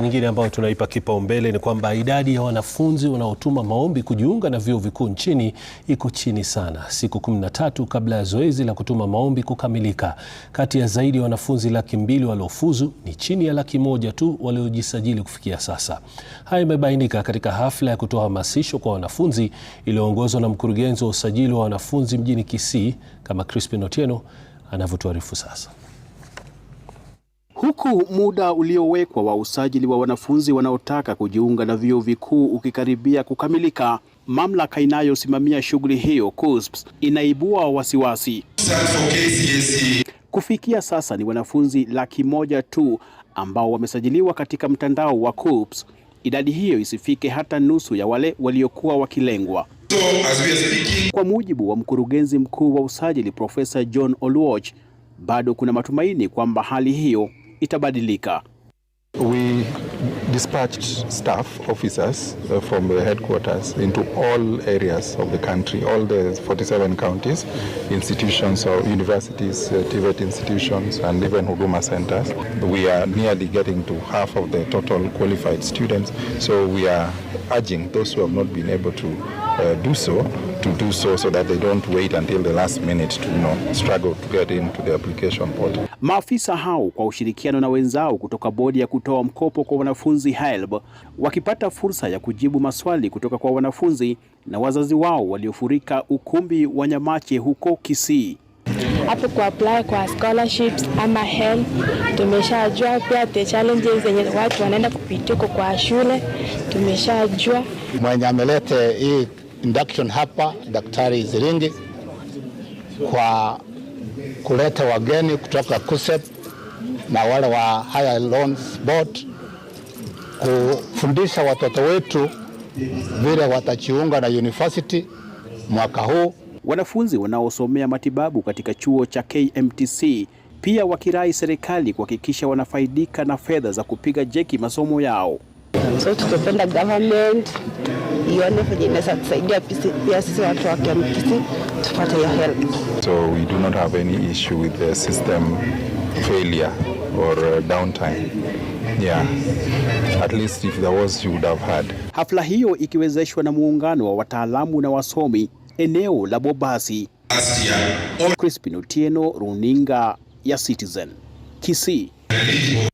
Nyingine ambayo tunaipa kipaumbele ni kwamba idadi ya wanafunzi wanaotuma maombi kujiunga na vyuo vikuu nchini iko chini sana, siku 13 kabla ya zoezi la kutuma maombi kukamilika. Kati ya zaidi ya wanafunzi laki mbili waliofuzu ni chini ya laki moja tu waliojisajili kufikia sasa. Haya imebainika katika hafla ya kutoa hamasisho kwa wanafunzi iliyoongozwa na mkurugenzi wa usajili wa wanafunzi mjini Kisii, kama Crispin Otieno anavyotuarifu sasa. Huku muda uliowekwa wa usajili wa wanafunzi wanaotaka kujiunga na vyuo vikuu ukikaribia kukamilika, mamlaka inayosimamia shughuli hiyo KUCCPS inaibua wasiwasi. Kufikia sasa ni wanafunzi laki moja tu ambao wamesajiliwa katika mtandao wa KUCCPS, idadi hiyo isifike hata nusu ya wale waliokuwa wakilengwa. Kwa mujibu wa mkurugenzi mkuu wa usajili Profesa John Oluoch, bado kuna matumaini kwamba hali hiyo itabadilika. We dispatched staff officers uh, from the headquarters into all areas of the country, all the 47 counties, institutions or universities, uh, TVET institutions and even Huduma centers. We are nearly getting to half of the total qualified students, so we are urging those who have not been able to uh, do so to do so so that they don't wait until the last minute to you know, struggle to get into the application portal. Maafisa hao kwa ushirikiano na wenzao kutoka bodi ya kutoa mkopo kwa wanafunzi HELB wakipata fursa ya kujibu maswali kutoka kwa wanafunzi na wazazi wao waliofurika ukumbi wa Nyamache huko Kisii. Hapo kwa apply kwa scholarships ama help, tumeshajua, pia the challenges zenye watu wanaenda kupituko kwa shule tumeshajua. Mwenye amelete hii induction hapa Daktari Ziringi kwa kuleta wageni kutoka KUSEP na wale wa Higher Loans Board kufundisha watoto wetu vile watajiunga na university mwaka huu. Wanafunzi wanaosomea matibabu katika chuo cha KMTC pia wakirai serikali kuhakikisha wanafaidika na fedha za kupiga jeki masomo yao so tungependa government ione venye inaweza tusaidia pia sisi watu wa Kemkisi tupate hiyo help. So we do not have any issue with the system failure or uh, downtime. Yeah. At least if there was you would have had. Hafla hiyo ikiwezeshwa na muungano wa wataalamu na wasomi eneo la Bobasi. Crispin Otieno, Runinga ya Citizen, Kisii.